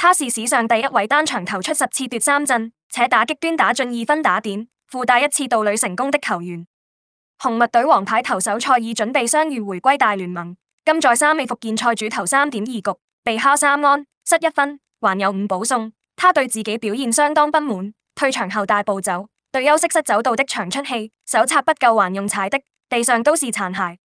他是史上第一位單場投出十次奪三振且打擊端打進二分打點、附帶一次盜壘成功的球員。紅襪隊王牌投手賽爾準備傷愈，回歸大聯盟，今在 3A 復健賽主投三點二局，被敲三安，失一分，還有五保送。他對自己表現相當不滿，退場後大步走，對休息室走道的牆出氣，手擦不夠還用踩的，地上都是殘骸。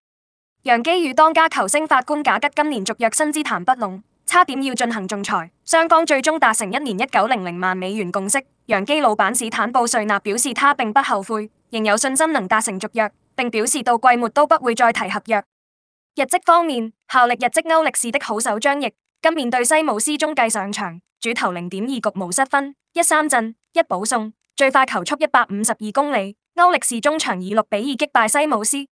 洋基與當家球星法官賈吉今年續約薪資談不攏。差點要進行仲裁，雙方最終達成一年一九零零萬美元共識。楊基老闆史坦布瑞納表示他並不後悔，仍有信心能達成續約，並表示到季末都不會再提合約。日職方面，效力日職歐力士的好手張翼今面對西武獅中繼上場，主投零點二局無失分，一三振一保送，最快球速一百五十二公里。歐力士終場以六比二擊敗西武獅。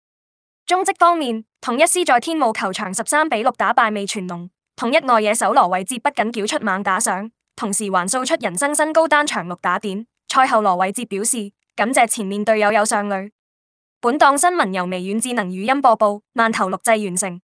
中職方面，統一獅在天母球場十三比六打敗味全龍。統一內野手羅偉哲不僅繳出猛打賞，同時還掃出人生新高單場六打點。賽後羅偉哲表示感謝前面隊友有上壘。本檔新聞由微軟智能語音播報，慢投錄製完成。